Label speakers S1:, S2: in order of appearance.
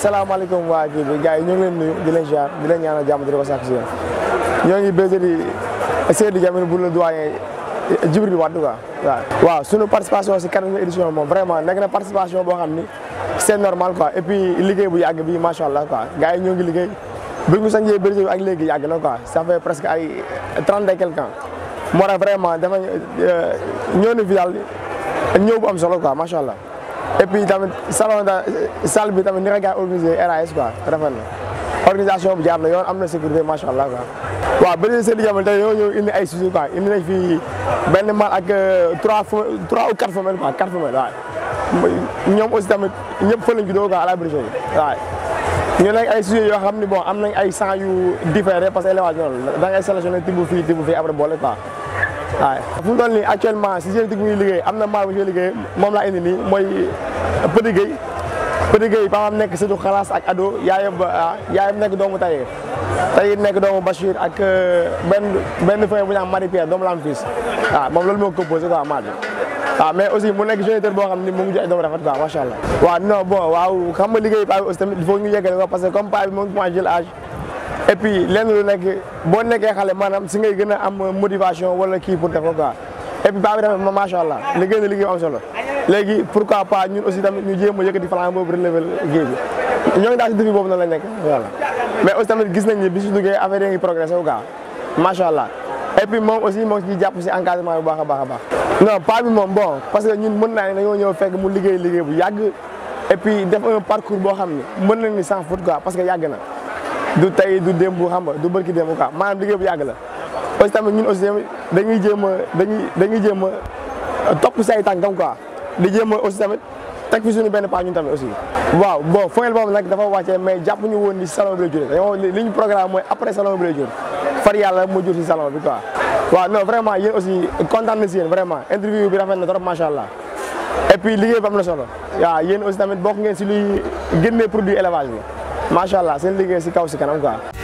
S1: Assalamualaikum waa kii bi ñu ngi di leen di leen ñaanal jamu di ko sàkk si yéen ñoo ngi bergerie Seydi Diamine bu la doyen Djibril Wade quoi waaw. waaw sunu participation si quatrième édition moom vraiment nekk na participation boo xam ni normal quoi et puis liggéey bu yàgg bi macha allah quoi gars yi ñoo ngi liggéey bu ñu sañjee bergerie bi ak léegi yàgg na quoi ça fait presque ay trente et quelque ans moo tax vraiment euh, ñoo bu am solo quoi macha allah. et tamit salon da salle bi tamit ni nga gars yi organisé RAS quoi rafet organisation bi jaar na yoon am na sécurité macha allah quoi. waaw benn seen jamono tey yow indi ay suñu quoi indi nañ fi benn mal ak euh, trois trois ou quatre femelles quoi quatre ñoom aussi tamit ñëpp fa lañ juddoo quoi la bergerie waaw ñu nekk ay sujets yoo xam ne bon am nañ ay san yu différé parce que élevage noonu da ngay sélectionné tibb fii tibb fii après boole waaw fu mu toll nii actuellement si génétique bu ñuy liggéey am na maal bu ñuy liggéey moom laa indi nii mooy Petit Gueye Petit Gueye papaam nekk sëtu xalaas ak ado yaayam ah, yaayam nekk doomu Taye Taye nekk doomu Bachir ak euh, benn benn frère bu ñu am Marie Pierre doomu la am fils waaw ah, moom loolu moo composé quoi maal bi waaw ah, mais aussi mu nekk géniteur boo xam ni mu ngi joxe doom rafet quoi macha allah waaw non bon waaw xam nga liggéey paa bi aussi tamit il faut ñu yeggale ko parce que comme paa bi moom moo jël âge et puis lenn lu nekk boo nekkee xale maanaam si ngay gën a am motivation wala kii pour def ko quoi et puis baa bi tamit macha allah liggéey na liggéey am solo léegi pourquoi pas ñun aussi tamit ñu jéem a yëkkati flambeau boobu relever géej bi ñoo ngi daal si défi boobu noonu la nekk voilà. mais aussi tamit gis nañ ni bi su duggee affaire yi ngi progressé wu quoi macha allah moom aussi moo ngi ciy jàpp si engagement bu baax a baax a baax. non pas moom bon parce que ñun mën naa ne ñëw fekk mu liggéey liggéey bu yàgg et puis boo xam ne mën nañ ni sans faute parce que yàgg na. du tey du démb xam nga du bërki démb quoi maanaam liggéey bu yàgg la aussi tamit ñun aussi dañuy jéem a dañuy dañuy a topp say tànkam quoi di jéem a aussi tamit teg fi suñu benn paa ñun tamit aussi. waaw bon foyel boobu nag dafa wàccee mais jàpp ñu woon ni salon bi la jur li ñu programme mooy après salon bi la jur far yàlla moo jur si salon bi quoi. waaw non vraiment yéen aussi kontaan na si vraiment interview bi rafet na trop macha allah et puis liggéey bi am na solo waaw yéen aussi tamit ngeen si luy génnee produit élevage bi. MashaAllah, allah seen liggéey si kaw si kanam